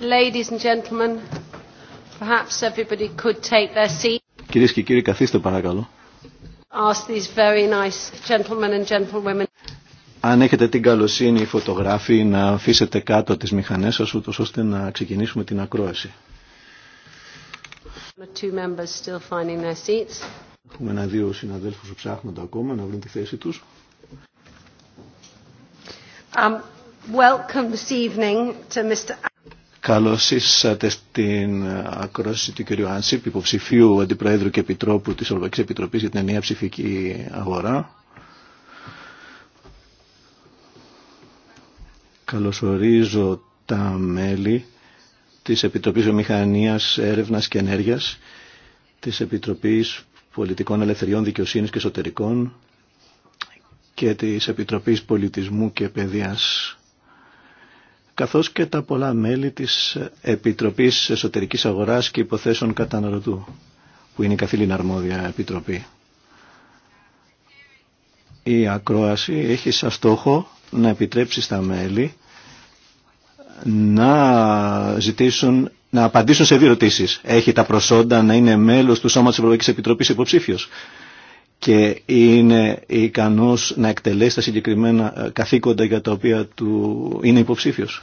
Ladies and gentlemen, perhaps everybody could take their seat. Κυρίες και κύριοι, καθίστε παρακαλώ. Ask these very nice gentlemen and gentlewomen. Αν έχετε την καλοσύνη οι φωτογράφοι να αφήσετε κάτω τις μηχανές σας ούτως ώστε να ξεκινήσουμε την ακρόαση. Two members still finding their seats. Έχουμε ένα-δύο συναδέλφους που ψάχνονται ακόμα να βρουν τη θέση τους. Um, welcome this evening to Mr. Καλώς ήσατε στην ακρόση του κ. Άνσιπ, υποψηφίου Αντιπροέδρου και Επιτρόπου της Ευρωπαϊκής Επιτροπής για την Ενία Ψηφική Αγορά. Καλωσορίζω τα μέλη της Επιτροπής Βιομηχανίας, Έρευνας και Ενέργειας, της Επιτροπής Πολιτικών Ελευθεριών, Δικαιοσύνης και Εσωτερικών και της Επιτροπής Πολιτισμού και Παιδείας καθώς και τα πολλά μέλη της Επιτροπής Εσωτερικής Αγοράς και Υποθέσεων Καταναλωτού, που είναι η καθήλυνα αρμόδια επιτροπή. Η ακρόαση έχει σαν στόχο να επιτρέψει στα μέλη να ζητήσουν, να απαντήσουν σε δύο ερωτήσει. Έχει τα προσόντα να είναι μέλος του Σώματος Ευρωπαϊκής Επιτροπή υποψήφιο και είναι ικανός να εκτελέσει τα συγκεκριμένα ε, καθήκοντα για τα οποία του είναι υποψήφιος.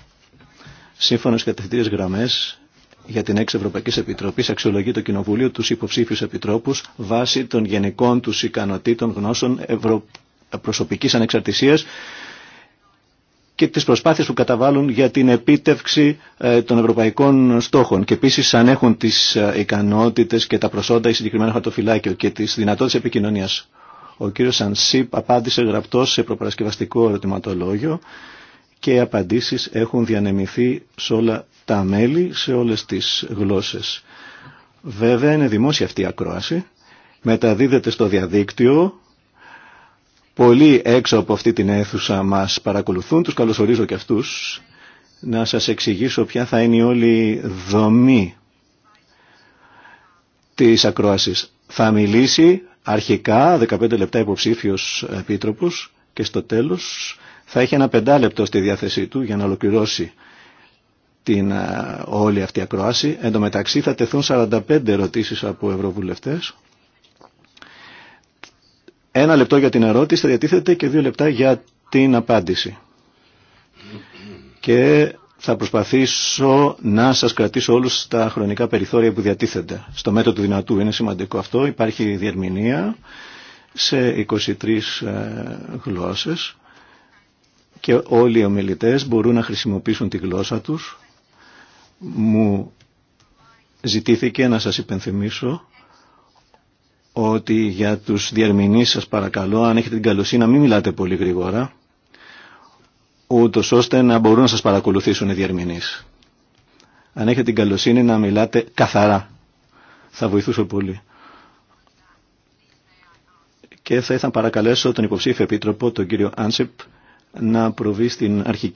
Σύμφωνα στις κατευθυντήριες γραμμές για την έξι Ευρωπαϊκή Επιτροπή αξιολογεί το Κοινοβούλιο τους υποψήφιους επιτρόπους βάσει των γενικών τους ικανοτήτων γνώσεων ευρω... προσωπικής ανεξαρτησίας και τις προσπάθειες που καταβάλουν για την επίτευξη ε, των ευρωπαϊκών στόχων και επίσης αν έχουν τις ε, ικανότητες και τα προσόντα ή συγκεκριμένα χαρτοφυλάκιο και τις δυνατότητες επικοινωνίας. Ο κύριος Σανσίπ απάντησε γραπτός σε προπαρασκευαστικό ερωτηματολόγιο και οι απαντήσεις έχουν διανεμηθεί σε όλα τα μέλη, σε όλες τις γλώσσες. Βέβαια είναι δημόσια αυτή η ακρόαση, μεταδίδεται στο διαδίκτυο Πολλοί έξω από αυτή την αίθουσα μας παρακολουθούν, τους καλωσορίζω και αυτούς. Να σας εξηγήσω ποια θα είναι η όλη δομή της ακρόασης. Θα μιλήσει αρχικά 15 λεπτά υποψήφιος επίτροπος και στο τέλος θα έχει ένα πεντάλεπτο στη διάθεσή του για να ολοκληρώσει την ε, όλη αυτή ακρόαση. Εν τω μεταξύ θα τεθούν 45 ερωτήσεις από ευρωβουλευτές ένα λεπτό για την ερώτηση θα διατίθεται και δύο λεπτά για την απάντηση. Και θα προσπαθήσω να σας κρατήσω όλους τα χρονικά περιθώρια που διατίθενται. Στο μέτρο του δυνατού είναι σημαντικό αυτό. Υπάρχει διερμηνία σε 23 ε, γλώσσες και όλοι οι ομιλητές μπορούν να χρησιμοποιήσουν τη γλώσσα τους. Μου ζητήθηκε να σας υπενθυμίσω ότι για τους διερμηνείς σας παρακαλώ, αν έχετε την καλοσύνη να μην μιλάτε πολύ γρήγορα, ούτως ώστε να μπορούν να σας παρακολουθήσουν οι διερμηνείς. Αν έχετε την καλοσύνη να μιλάτε καθαρά, θα βοηθούσε πολύ. Και θα ήθελα να παρακαλέσω τον υποψήφιο επίτροπο, τον κύριο Άνσεπ, να προβεί στην αρχική